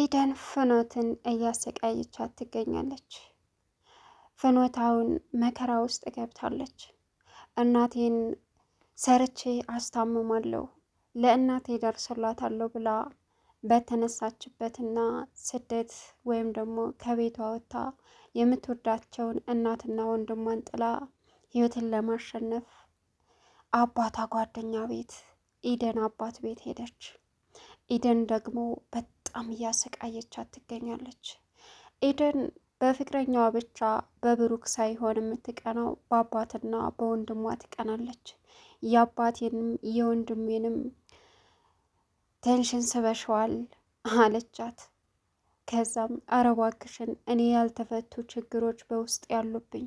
ኢደን ፍኖትን እያሰቃየቻት ትገኛለች። ፍኖት አሁን መከራ ውስጥ ገብታለች። እናቴን ሰርቼ አስታምማለሁ ለእናቴ ደርስላታለሁ ብላ በተነሳችበትና ስደት ወይም ደግሞ ከቤቷ ወጥታ የምትወዳቸውን እናትና ወንድሟን ጥላ ህይወትን ለማሸነፍ አባቷ ጓደኛ ቤት ኢደን አባት ቤት ሄደች። ኢደን ደግሞ በጣም እያሰቃየቻት ትገኛለች። ኢደን በፍቅረኛዋ ብቻ በብሩክ ሳይሆን የምትቀናው በአባትና በወንድሟ ትቀናለች። የአባቴንም የወንድሜንም ቴንሽን ስበሸዋል አለቻት። ከዛም አረባክሽን እኔ ያልተፈቱ ችግሮች በውስጥ ያሉብኝ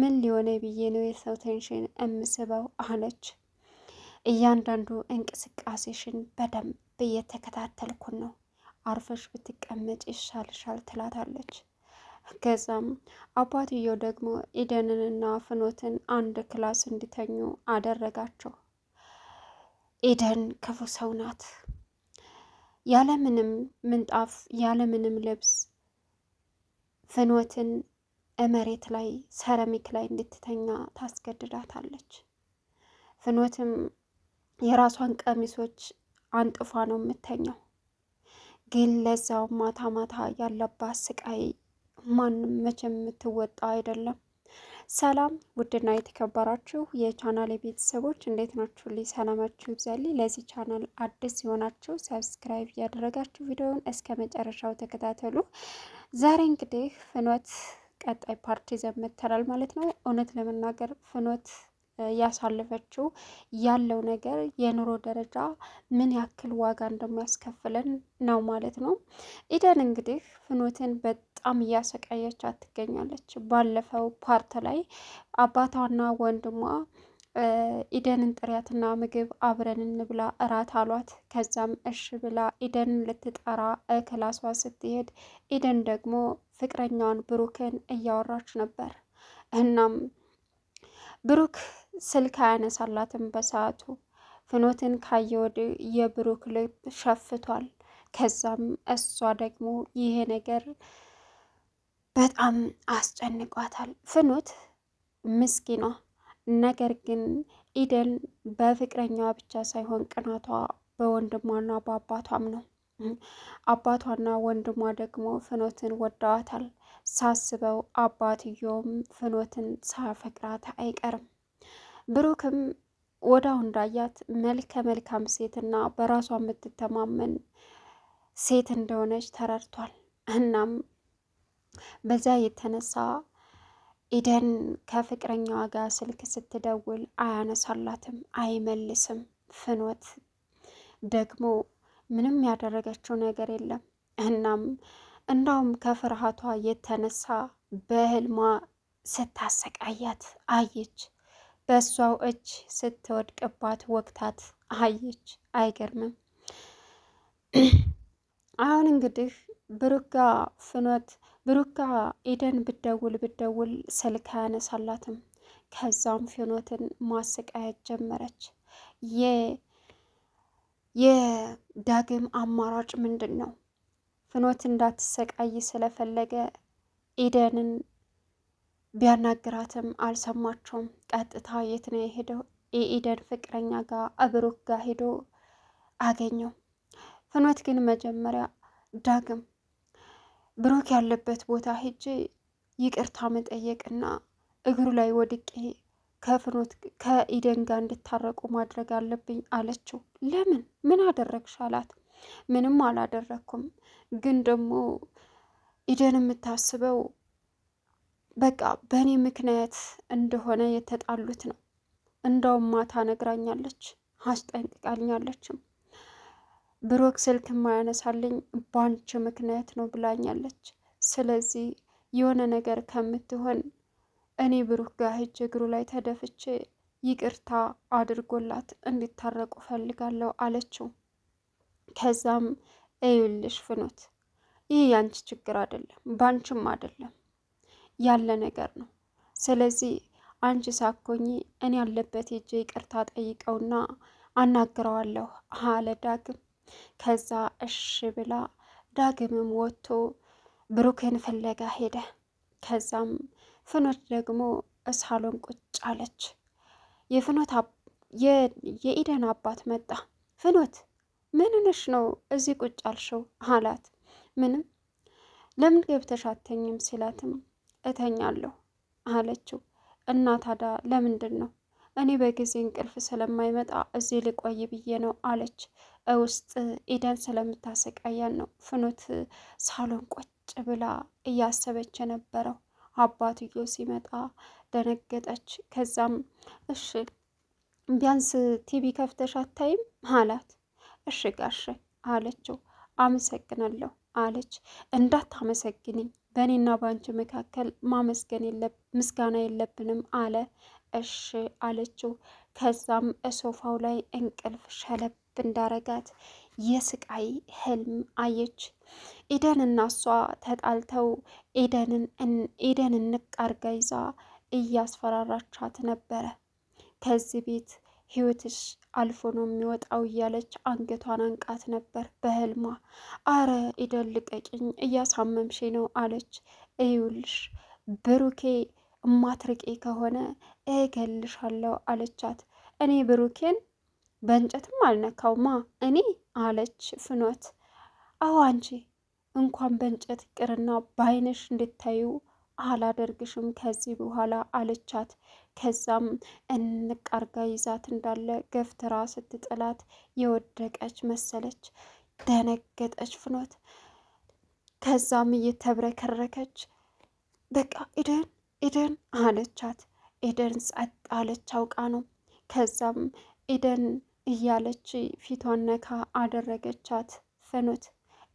ምን ሊሆነ ብዬ ነው የሰው ቴንሽን እምስበው አለች። እያንዳንዱ እንቅስቃሴሽን በደንብ እየተከታተልኩን ነው አርፈሽ ብትቀመጭ ይሻልሻል ትላታለች። ከዛም አባትየው ደግሞ ኢደንንና ፍኖትን አንድ ክላስ እንዲተኙ አደረጋቸው። ኢደን ክፉ ሰው ናት። ያለምንም ምንጣፍ ያለምንም ልብስ ፍኖትን መሬት ላይ ሰረሚክ ላይ እንድትተኛ ታስገድዳታለች። ፍኖትም የራሷን ቀሚሶች አንጥፏ ነው የምተኛው። ግን ለዛው ማታ ማታ ያለባት ስቃይ ማንም መቼ የምትወጣ አይደለም። ሰላም ውድና የተከበራችሁ የቻናል የቤተሰቦች እንዴት ናችሁ? ልይ ሰላማችሁ ይብዛልኝ። ለዚህ ቻናል አዲስ የሆናችሁ ሰብስክራይብ እያደረጋችሁ ቪዲዮውን እስከ መጨረሻው ተከታተሉ። ዛሬ እንግዲህ ፍኖት ቀጣይ ፓርቲ ይዘን ማለት ነው። እውነት ለመናገር ፍኖት ያሳለፈችው ያለው ነገር የኑሮ ደረጃ ምን ያክል ዋጋ እንደሚያስከፍለን ነው ማለት ነው። ኢደን እንግዲህ ፍኖትን በጣም እያሰቃየቻት ትገኛለች። ባለፈው ፓርት ላይ አባቷና ወንድሟ ኢደንን ጥሪያትና ምግብ አብረን እንብላ እራት አሏት። ከዛም እሽ ብላ ኢደንን ልትጠራ ክላሷ ስትሄድ ኢደን ደግሞ ፍቅረኛዋን ብሩክን እያወራች ነበር እናም ብሩክ ስልክ አያነሳላትም በሰዓቱ። ፍኖትን ካየ ወደ የብሩክ ልብ ሸፍቷል። ከዛም እሷ ደግሞ ይሄ ነገር በጣም አስጨንቋታል። ፍኖት ምስኪኗ ነገር ግን ኢደን በፍቅረኛዋ ብቻ ሳይሆን ቅናቷ በወንድሟና በአባቷም ነው። አባቷና ወንድሟ ደግሞ ፍኖትን ወደዋታል። ሳስበው አባትየውም ፍኖትን ሳያፈቅራት አይቀርም። ብሩክም ወዳው እንዳያት መልከ መልካም ሴትና በራሷ የምትተማመን ሴት እንደሆነች ተረድቷል። እናም በዛ የተነሳ ኢደን ከፍቅረኛዋ ጋር ስልክ ስትደውል አያነሳላትም፣ አይመልስም። ፍኖት ደግሞ ምንም ያደረገችው ነገር የለም። እናም እንዳውም ከፍርሃቷ የተነሳ በህልሟ ስታሰቃያት አየች። በእሷው እጅ ስትወድቅባት ወቅታት አየች። አይገርምም? አሁን እንግዲህ ብሩጋ ፍኖት ብሩጋ ኢደን ብደውል ብደውል ስልክ አያነሳላትም። ከዛም ፍኖትን ማሰቃየት ጀመረች። የዳግም አማራጭ ምንድን ነው? ፍኖት እንዳትሰቃይ ስለፈለገ ኢደንን ቢያናግራትም አልሰማቸውም። ቀጥታ የት ነው የሄደው? የኢደን ፍቅረኛ ጋር አብሩክ ጋር ሄዶ አገኘው። ፍኖት ግን መጀመሪያ ዳግም ብሩክ ያለበት ቦታ ሄጄ ይቅርታ መጠየቅና እግሩ ላይ ወድቄ ከፍኖት ከኢደን ጋር እንድታረቁ ማድረግ አለብኝ አለችው። ለምን ምን አደረግሽ አላት። ምንም አላደረግኩም፣ ግን ደግሞ ኢደን የምታስበው በቃ በእኔ ምክንያት እንደሆነ የተጣሉት ነው። እንደውም ማታ ነግራኛለች፣ አስጠንቅቃኛለችም። ብሩክ ስልክ የማያነሳልኝ ባንቺ ምክንያት ነው ብላኛለች። ስለዚህ የሆነ ነገር ከምትሆን እኔ ብሩክ ጋር ሂጅ እግሩ ላይ ተደፍቼ ይቅርታ አድርጎላት እንዲታረቁ ፈልጋለሁ አለችው። ከዛም እዩልሽ ፍኖት፣ ይህ ያንቺ ችግር አይደለም፣ ባንቺም አይደለም ያለ ነገር ነው። ስለዚህ አንቺ ሳኮኝ እኔ ያለበት ሄጄ ይቅርታ ጠይቀውና አናግረዋለሁ አለ ዳግም። ከዛ እሺ ብላ ዳግምም ወጥቶ ብሩክን ፍለጋ ሄደ። ከዛም ፍኖት ደግሞ እሳሎን ቁጭ አለች። የፍኖት የኢደን አባት መጣ። ፍኖት ምን ነው እዚህ ቁጭ አልሽው? አላት። ምንም ለምን ገብተሽ አተኝም ሲላትም እተኛለሁ አለችው። እና ታዲያ ለምንድን ነው እኔ በጊዜ እንቅልፍ ስለማይመጣ እዚህ ልቆይ ብዬ ነው አለች። ውስጥ ኢደን ስለምታሰቃያን ነው ፍኖት ሳሎን ቁጭ ብላ እያሰበች የነበረው። አባትዮ ሲመጣ ደነገጠች። ከዛም እሺ ቢያንስ ቲቪ ከፍተሽ አታይም አላት። እሺ ጋሽ አለችው። አመሰግናለሁ አለች። እንዳታመሰግንኝ በእኔና በአንቺ መካከል ማመስገን ምስጋና የለብንም አለ። እሺ አለችው። ከዛም ሶፋው ላይ እንቅልፍ ሸለብ እንዳረጋት የስቃይ ህልም አየች። ኢደን እና እሷ ተጣልተው ኢደን ንቅ አርጋ ይዛ እያስፈራራቻት ነበረ። ከዚህ ቤት ህይወትሽ አልፎ ነው የሚወጣው እያለች አንገቷን አንቃት ነበር በህልሟ። አረ ኢደን ልቀቂኝ፣ እያሳመምሽ ነው አለች። እዩልሽ ብሩኬ እማትርቄ ከሆነ እገልሻለሁ አለቻት። እኔ ብሩኬን በእንጨትም አልነካውማ እኔ አለች ፍኖት። አዎ አንቺ እንኳን በእንጨት ቅርና በአይነሽ እንድታዩ አላደርግሽም ከዚህ በኋላ አለቻት። ከዛም እንቃርጋ ይዛት እንዳለ ገፍትራ ስትጥላት የወደቀች መሰለች። ደነገጠች ፍኖት። ከዛም እየተብረከረከች በቃ ኢደን ኢደን አለቻት። ኢደን ጸጥ አለች፣ አውቃ ነው። ከዛም ኢደን እያለች ፊቷን ነካ አደረገቻት ፍኖት።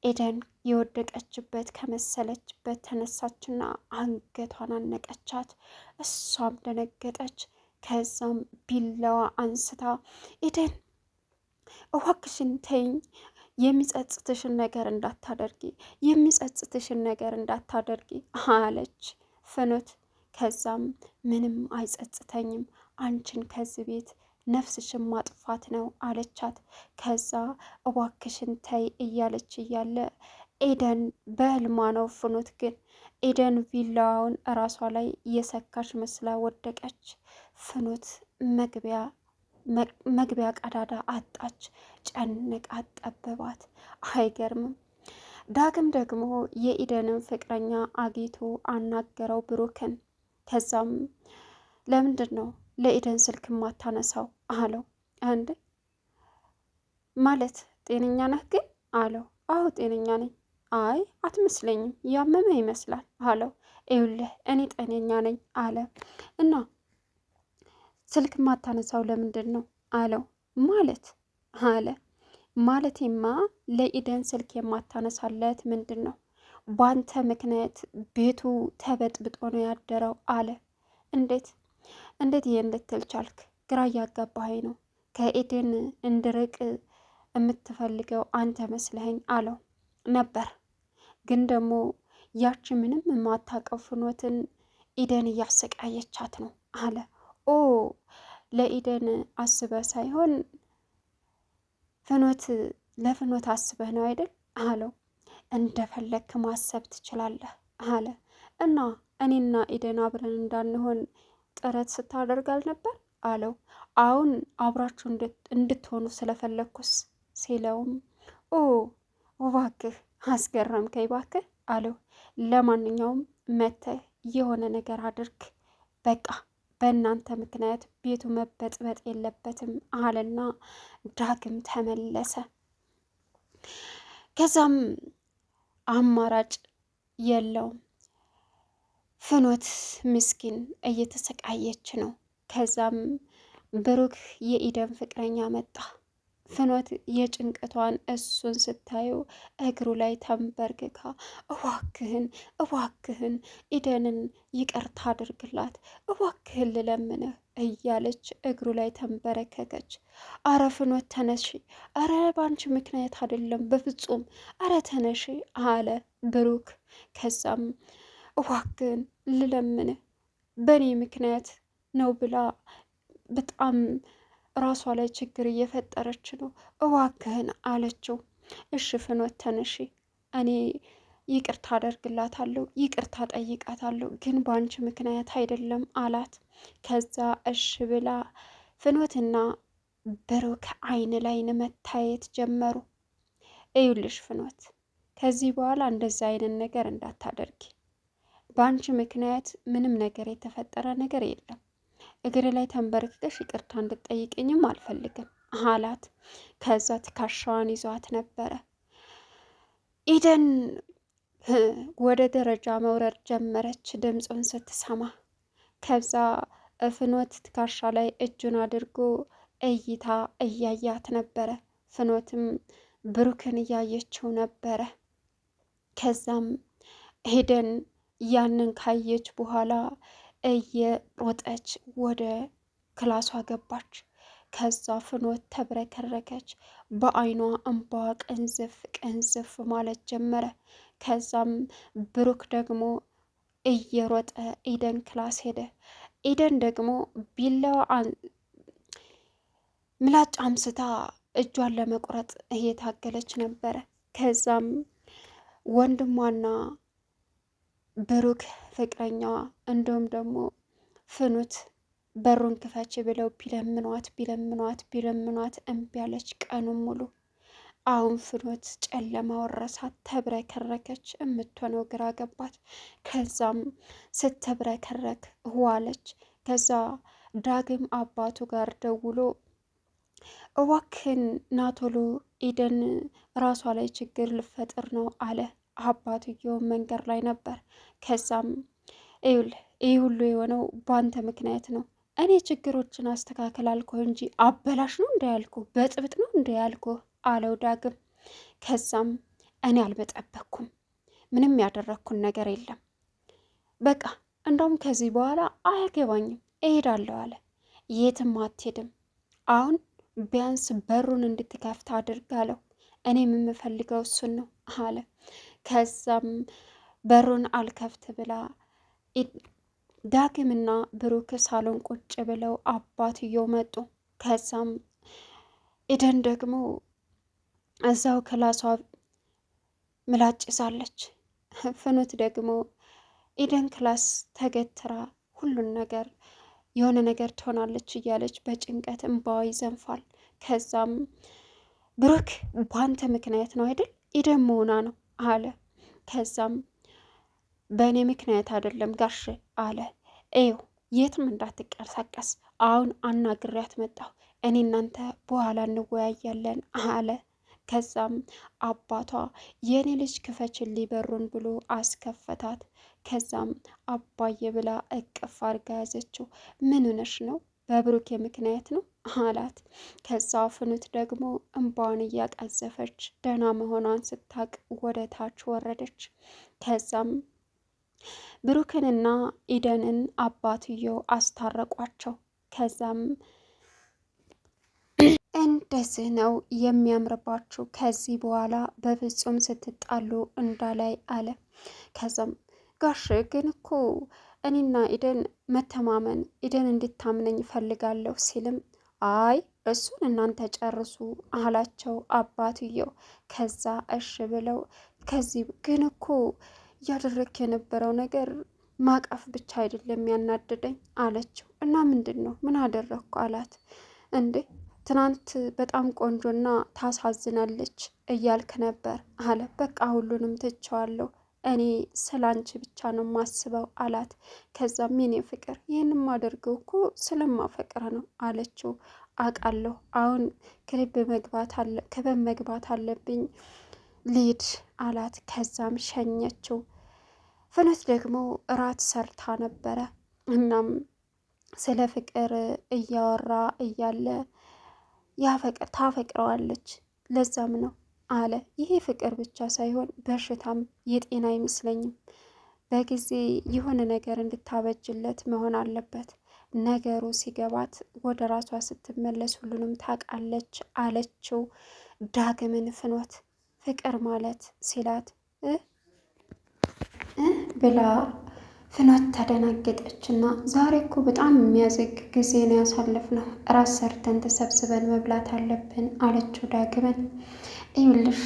ኤደን የወደቀችበት ከመሰለችበት ተነሳችና አንገቷን አነቀቻት። እሷም ደነገጠች። ከዛም ቢላዋ አንስታ ኤደን እዋክሽን ተይኝ የሚጸጽትሽን ነገር እንዳታደርጊ የሚጸጽትሽን ነገር እንዳታደርጊ አለች ፍኖት። ከዛም ምንም አይጸጽተኝም አንቺን ከዚህ ቤት ነፍስሽን ማጥፋት ነው አለቻት። ከዛ እባክሽን ተይ እያለች እያለ ኤደን በህልማ ነው ፍኖት ግን ኤደን ቪላውን እራሷ ላይ የሰካች መስላ ወደቀች። ፍኖት መግቢያ መግቢያ ቀዳዳ አጣች። ጨነቃት፣ ጠበባት። አይገርምም። ዳግም ደግሞ የኢደንን ፍቅረኛ አግኝቶ አናገረው ብሩክን። ከዛም ለምንድን ነው ለኢደን ስልክ ማታነሳው አለው። አንድ ማለት ጤነኛ ነህ ግን አለው። አሁ ጤነኛ ነኝ። አይ አትመስለኝም፣ ያመመ ይመስላል አለው። ይኸውልህ እኔ ጤነኛ ነኝ አለ እና ስልክ ማታነሳው ለምንድን ነው አለው። ማለት አለ ማለቴማ ለኢደን ስልክ የማታነሳለት ምንድን ነው? ባንተ ምክንያት ቤቱ ተበጥብጦ ነው ያደረው አለ። እንዴት እንዴት ይሄን ልትል ቻልክ? ግራ እያጋባኸኝ ነው። ከኤደን እንድርቅ የምትፈልገው አንተ መስለኸኝ አለው ነበር። ግን ደግሞ ያቺ ምንም የማታውቀው ፍኖትን ኢደን እያሰቃየቻት ነው አለ። ኦ ለኢደን አስበ ሳይሆን ፍኖት ለፍኖት አስበህ ነው አይደል አለው። እንደፈለግክ ማሰብ ትችላለህ አለ እና እኔና ኢደን አብረን እንዳንሆን ጥረት ስታደርግ አልነበር አለው። አሁን አብራችሁ እንድትሆኑ ስለፈለግኩስ ሲለውም ኦ እባክህ አስገረምከኝ እባክህ አለው። ለማንኛውም መተህ የሆነ ነገር አድርግ በቃ በእናንተ ምክንያት ቤቱ መበጥበጥ የለበትም አለና ዳግም ተመለሰ። ከዛም አማራጭ የለውም ፍኖት ምስኪን እየተሰቃየች ነው። ከዛም ብሩክ የኢደን ፍቅረኛ መጣ። ፍኖት የጭንቀቷን እሱን ስታየው እግሩ ላይ ተንበርክካ እዋክህን እዋክህን ኢደንን ይቅርታ አድርግላት እዋክህን ልለምንህ እያለች እግሩ ላይ ተንበረከከች። አረ ፍኖት ተነሺ፣ አረ ባንቺ ምክንያት አይደለም በፍጹም አረ ተነሺ አለ ብሩክ ከዛም እባክህን ልለምን በእኔ ምክንያት ነው ብላ በጣም ራሷ ላይ ችግር እየፈጠረች ነው፣ እዋክህን አለችው። እሺ ፍኖት ተነሺ፣ እኔ ይቅርታ አደርግላታለሁ፣ ይቅርታ ጠይቃታለሁ፣ ግን በአንቺ ምክንያት አይደለም አላት። ከዛ እሺ ብላ ፍኖትና ብሩክ አይን ላይን መታየት ጀመሩ። እዩልሽ ፍኖት፣ ከዚህ በኋላ እንደዚ አይነት ነገር እንዳታደርጊ በአንቺ ምክንያት ምንም ነገር የተፈጠረ ነገር የለም። እግር ላይ ተንበርክከሽ ይቅርታ እንድጠይቅኝም አልፈልግም አላት። ከዛ ትከሻዋን ይዟት ነበረ። ኢደን ወደ ደረጃ መውረድ ጀመረች ድምፁን ስትሰማ። ከዛ ፍኖት ትከሻ ላይ እጁን አድርጎ እይታ እያያት ነበረ። ፍኖትም ብሩክን እያየችው ነበረ። ከዛም ሄደን ያንን ካየች በኋላ እየሮጠች ወደ ክላሷ ገባች። ከዛ ፍኖት ተብረከረከች። በአይኗ እንባ ቅንዝፍ ቅንዝፍ ማለት ጀመረ። ከዛም ብሩክ ደግሞ እየሮጠ ኢደን ክላስ ሄደ። ኢደን ደግሞ ቢላዋ ምላጭ አምስታ እጇን ለመቁረጥ እየታገለች ነበረ። ከዛም ወንድሟና ብሩክ ፍቅረኛዋ እንዲሁም ደግሞ ፍኑት በሩን ክፈች ብለው ቢለምኗት ቢለምኗት ቢለምኗት እምቢ አለች ቀኑን ሙሉ። አሁን ፍኖት ጨለማ ወረሳት። ተብረከረከች፣ የምትሆነው ግራ ገባት። ከዛም ስትብረከረክ ዋለች። ከዛ ዳግም አባቱ ጋር ደውሎ እዋክን ናቶሎ ኢደን ራሷ ላይ ችግር ልፈጥር ነው አለ። አባትየው መንገድ ላይ ነበር። ከዛም ይኸውልህ ይህ ሁሉ የሆነው በአንተ ምክንያት ነው። እኔ ችግሮችን አስተካከል አልኩህ እንጂ አበላሽ ነው እንዳያልኩ በጥብጥ ነው እንዳያልኩ አለው ዳግም። ከዛም እኔ አልበጠበኩም፣ ምንም ያደረግኩን ነገር የለም። በቃ እንደውም ከዚህ በኋላ አያገባኝም እሄዳለሁ አለ። የትም አትሄድም፣ አሁን ቢያንስ በሩን እንድትከፍት አድርግ አለው። እኔም የምፈልገው እሱን ነው አለ። ከዛም በሩን አልከፍት ብላ ዳግምና ብሩክ ሳሎን ቁጭ ብለው አባትየው መጡ። ከዛም ኢደን ደግሞ እዛው ክላሷ ምላጭ ይዛለች። ፍኖት ደግሞ ኢደን ክላስ ተገትራ ሁሉን ነገር የሆነ ነገር ትሆናለች እያለች በጭንቀት እንባዋ ይዘንፋል። ከዛም ብሩክ በአንተ ምክንያት ነው አይደል ኢደን መሆኗ ነው አለ። ከዛም በእኔ ምክንያት አይደለም ጋሽ አለ። ይኸው የትም እንዳትቀሳቀስ አሁን አናግሬያት መጣሁ። እኔ እናንተ በኋላ እንወያያለን አለ። ከዛም አባቷ የእኔ ልጅ ክፈችልኝ በሩን ብሎ አስከፈታት። ከዛም አባዬ ብላ እቅፍ አድርጋ ያዘችው። ምን ነው በብሩኬ ምክንያት ነው አላት። ከዛ ፍኑት ደግሞ እንባዋን እያቀዘፈች ደህና መሆኗን ስታቅ ወደ ታች ወረደች። ከዛም ብሩክንና ኢደንን አባትየው አስታረቋቸው። ከዛም እንደዚህ ነው የሚያምርባችሁ፣ ከዚህ በኋላ በፍጹም ስትጣሉ እንዳላይ አለ። ከዛም ጋሽ ግን እኮ እኔና ኢደን መተማመን ኢደን እንድታምነኝ ፈልጋለሁ ሲልም አይ እሱን እናንተ ጨርሱ አላቸው አባትየው። ከዛ እሽ ብለው ከዚህ ግን እኮ እያደረግክ የነበረው ነገር ማቀፍ ብቻ አይደለም ያናደደኝ አለችው። እና ምንድን ነው ምን አደረግኩ አላት። እንዴ ትናንት በጣም ቆንጆና ታሳዝናለች እያልክ ነበር አለ። በቃ ሁሉንም ትቸዋለሁ እኔ ስላንቺ ብቻ ነው ማስበው አላት። ከዛም የኔ ፍቅር ይህን ማደርገው እኮ ስለማፈቅር ነው አለችው። አውቃለሁ አሁን ክበብ መግባት አለብኝ ሊድ አላት። ከዛም ሸኘችው። ፍኖት ደግሞ እራት ሰርታ ነበረ። እናም ስለ ፍቅር እያወራ እያለ ታፈቅረዋለች፣ ለዛም ነው አለ። ይሄ ፍቅር ብቻ ሳይሆን በሽታም የጤና አይመስለኝም። በጊዜ የሆነ ነገር እንድታበጅለት መሆን አለበት። ነገሩ ሲገባት ወደ ራሷ ስትመለስ ሁሉንም ታውቃለች አለችው ዳግምን ፍኖት ፍቅር ማለት ሲላት ብላ ፍናት ተደናገጠች እና ዛሬ እኮ በጣም የሚያዝግ ጊዜ ነው ያሳለፍነው፣ ራስ ሰርተን ተሰብስበን መብላት አለብን አለችው። ዳግመን ይኸውልሽ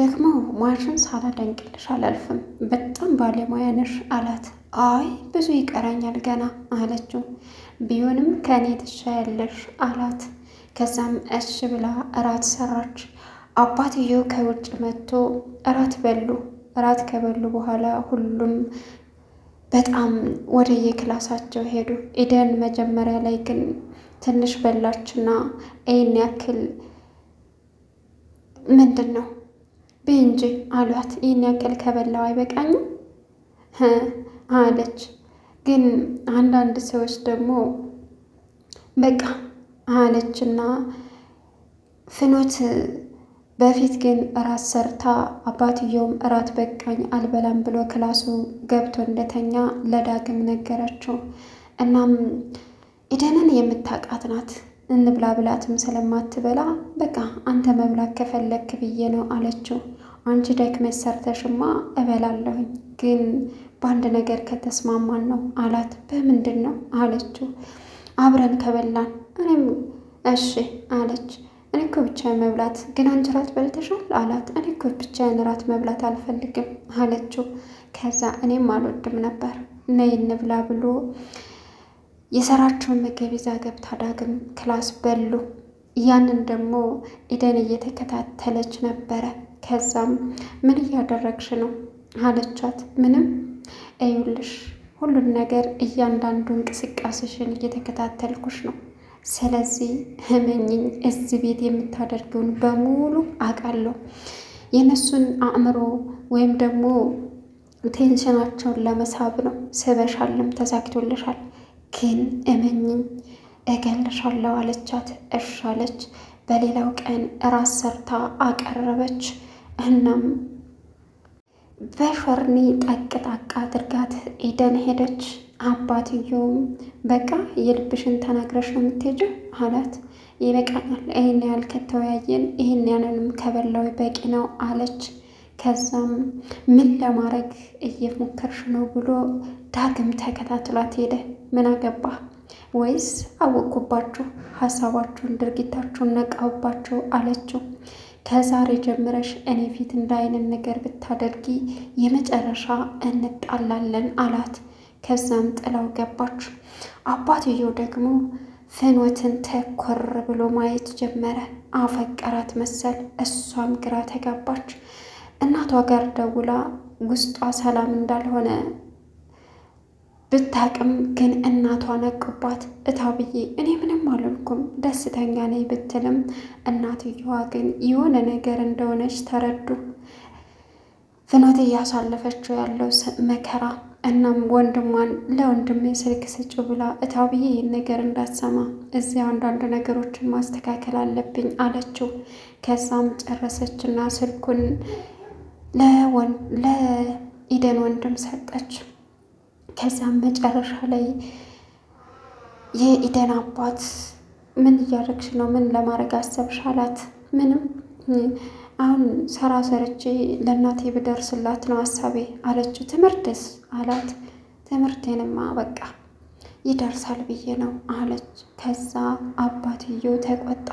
ደግሞ ማሽን ሳላደንቅልሽ አላልፍም፣ በጣም ባለሙያ ነሽ አላት። አይ ብዙ ይቀረኛል ገና አለችው። ቢሆንም ከእኔ ትሻያለሽ አላት። ከዛም እሺ ብላ እራት ሰራች። አባትየው ከውጭ መጥቶ እራት በሉ። እራት ከበሉ በኋላ ሁሉም በጣም ወደ የክላሳቸው ሄዱ። ኢደን መጀመሪያ ላይ ግን ትንሽ በላችና ይህን ያክል ምንድን ነው ብይ እንጂ አሏት። ይህን ያክል ከበላው አይበቃኝም አለች። ግን አንዳንድ ሰዎች ደግሞ በቃ አለችና ፍኖት በፊት ግን እራት ሰርታ አባትየውም እራት በቃኝ አልበላም ብሎ ክላሱ ገብቶ እንደተኛ ለዳግም ነገረችው። እናም ኢደንን የምታውቃት ናት። እንብላ ብላትም ስለማትበላ በቃ አንተ መብላት ከፈለክ ብዬ ነው አለችው። አንቺ ደክመሽ ሰርተሽማ እበላለሁኝ ግን በአንድ ነገር ከተስማማን ነው አላት። በምንድን ነው አለችው። አብረን ከበላን እኔም እሺ አለች። እኔ እኮ ብቻዬን መብላት ግን አንቺ በልተሻል አላት። እኔ እኮ ብቻዬን ራት መብላት አልፈልግም አለችው። ከዛ እኔም አልወድም ነበር ነይ እንብላ ብሎ የሰራችውን ምግብ ይዛ ገብታ ዳግም ክላስ በሉ። ያንን ደግሞ ኢደን እየተከታተለች ነበረ። ከዛም ምን እያደረግሽ ነው አለቻት። ምንም እዩልሽ ሁሉን ነገር እያንዳንዱ እንቅስቃሴሽን እየተከታተልኩሽ ነው ስለዚህ ህመኝኝ እዚህ ቤት የምታደርገውን በሙሉ አውቃለሁ። የእነሱን አእምሮ ወይም ደግሞ ቴንሽናቸውን ለመሳብ ነው። ስበሻልም ተሳክቶልሻል፣ ግን እመኝኝ እገልሻለሁ አለቻት። እሻለች። በሌላው ቀን ራስ ሰርታ አቀረበች። እናም በሾርኒ ጠቅጣቃ አድርጋት ኢደን ሄደች። አባትየውም በቃ የልብሽን ተናግረሽ ነው የምትሄጂው አላት። ይበቃኛል፣ ይህን ያህል ከተወያየን ይህን ያንንም ከበላዊ በቂ ነው አለች። ከዛም ምን ለማድረግ እየሞከርሽ ነው ብሎ ዳግም ተከታትሏት ሄደ። ምን አገባ ወይስ አወቅኩባችሁ፣ ሀሳባችሁን፣ ድርጊታችሁን ነቃሁባችሁ አለችው። ከዛሬ ጀምረሽ እኔ ፊት እንዳይንን ነገር ብታደርጊ የመጨረሻ እንጣላለን አላት። ከዛም ጥላው ገባች። አባትየው ደግሞ ፍኖትን ተኮር ብሎ ማየት ጀመረ። አፈቀራት መሰል። እሷም ግራ ተጋባች። እናቷ ጋር ደውላ ውስጧ ሰላም እንዳልሆነ ብታቅም ግን እናቷ ነቅባት። እታብዬ እኔ ምንም አልልኩም ደስተኛ ነኝ ብትልም እናትየዋ ግን የሆነ ነገር እንደሆነች ተረዱ። ፍኖት እያሳለፈችው ያለው መከራ እናም ወንድሟን ለወንድም ስልክ ስጭው ብላ እታብዬ ይህን ነገር እንዳትሰማ እዚህ አንዳንድ ነገሮችን ማስተካከል አለብኝ አለችው። ከዛም ጨረሰች እና ስልኩን ለኢደን ወንድም ሰጠች። ከዛም መጨረሻ ላይ የኢደን አባት ምን እያደረግሽ ነው? ምን ለማድረግ አሰብሽ? አላት ምንም አሁን ሰራ ሰርቼ ለእናቴ ብደርስላት ነው ሀሳቤ አለችው። ትምህርትስ አላት። ትምህርቴንማ በቃ ይደርሳል ብዬ ነው አለች። ከዛ አባትየው ተቆጣ።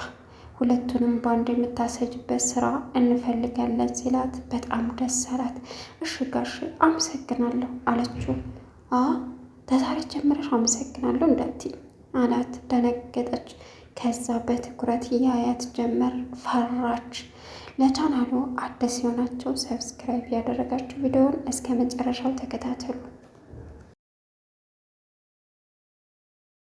ሁለቱንም በአንድ የምታሰጅበት ስራ እንፈልጋለን ሲላት በጣም ደስ አላት። እሺ ጋሽ አመሰግናለሁ አለችው። አ ተዛሬ ጀምረሽ አመሰግናለሁ እንዳት አላት። ደነገጠች። ከዛ በትኩረት ያያት ጀመር። ፈራች። ለቻናሉ አዲስ የሆናችሁ ሰብስክራይብ ያደረጋችሁ ቪዲዮውን እስከ መጨረሻው ተከታተሉ።